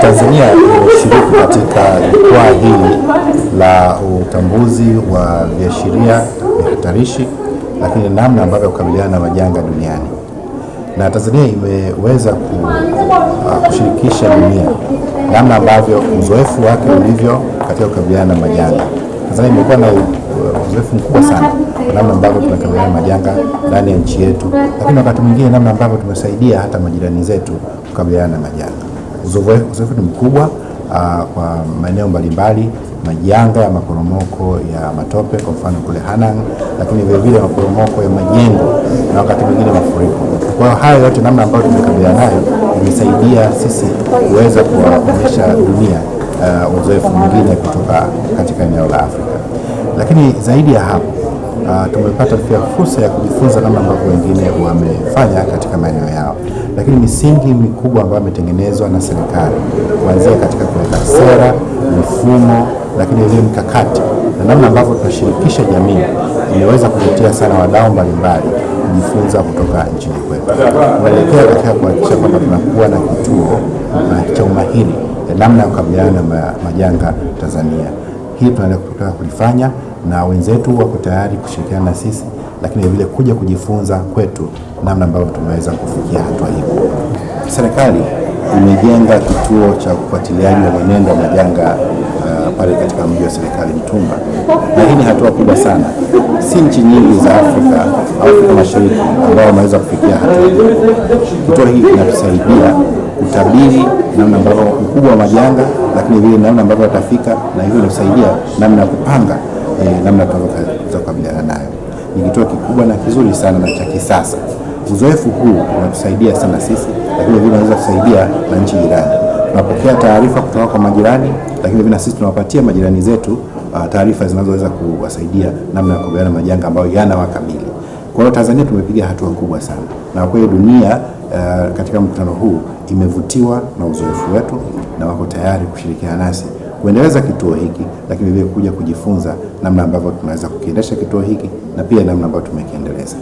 Tanzania imeshiriki katika jukwaa hili la utambuzi wa viashiria vya hatarishi, lakini namna ambavyo kukabiliana na majanga duniani, na Tanzania imeweza ku, uh, kushirikisha dunia namna ambavyo uzoefu wake ulivyo katika kukabiliana na majanga. Tanzania imekuwa na uh, uzoefu mkubwa sana namna ambavyo tunakabiliana na majanga ndani ya nchi yetu, lakini wakati mwingine namna ambavyo tumesaidia hata majirani zetu kukabiliana na majanga. Uzoefu ni mkubwa aa, ah, kwa maeneo mbalimbali, majanga ya maporomoko ya matope kwa mfano kule Hanang, lakini vilevile maporomoko ya majengo na wakati mwingine mafuriko. Kwa hiyo hayo yote, namna ambayo tumekabiliana nayo imesaidia sisi kuweza kuwaonyesha dunia ah, uzoefu mwingine kutoka katika eneo la Afrika, lakini zaidi ya hapo uh, tumepata pia fursa ya kujifunza kama ambavyo wengine wamefanya katika maeneo yao, lakini misingi mikubwa ambayo imetengenezwa na serikali kuanzia katika kuweka sera, mifumo, lakini ile mkakati na namna ambavyo tunashirikisha jamii imeweza kuvutia sana wadau mbalimbali kujifunza kutoka nchini kwetu. Tunaelekea katika kuhakikisha kwamba tunakuwa na kituo cha umahiri ya namna ya kukabiliana na majanga Tanzania. Hii tunataka kulifanya na wenzetu wako tayari kushirikiana na sisi, lakini vile kuja kujifunza kwetu namna ambavyo tumeweza kufikia hatua hiyo. Serikali imejenga kituo cha ufuatiliaji wa mwenendo wa majanga uh, pale katika mji wa serikali Mtumba, na hii ni hatua kubwa sana. Si nchi nyingi za Afrika, Afrika Mashariki ambao wameweza kufikia hatua hiyo. Kituo hii kinatusaidia kutabiri namna ambavyo ukubwa wa majanga, lakini vile namna ambavyo watafika, na hivyo inasaidia namna ya kupanga e, namna tunaweza kukabiliana nayo. Ni kituo kikubwa na kizuri sana na cha kisasa. Uzoefu huu unatusaidia sana sisi, lakini vile unaweza kusaidia na nchi jirani. Tunapokea taarifa kutoka kwa majirani, lakini vile na sisi tunawapatia majirani zetu ah, taarifa zinazoweza kuwasaidia namna ya kukabiliana na majanga ambayo yanawakabili. Kwa hiyo Tanzania tumepiga hatua kubwa sana, na hiyo dunia uh, katika mkutano huu imevutiwa na uzoefu wetu na wako tayari kushirikiana nasi kuendeleza kituo hiki, lakini vile kuja kujifunza namna ambavyo tunaweza kukiendesha kituo hiki na pia namna ambavyo tumekiendeleza.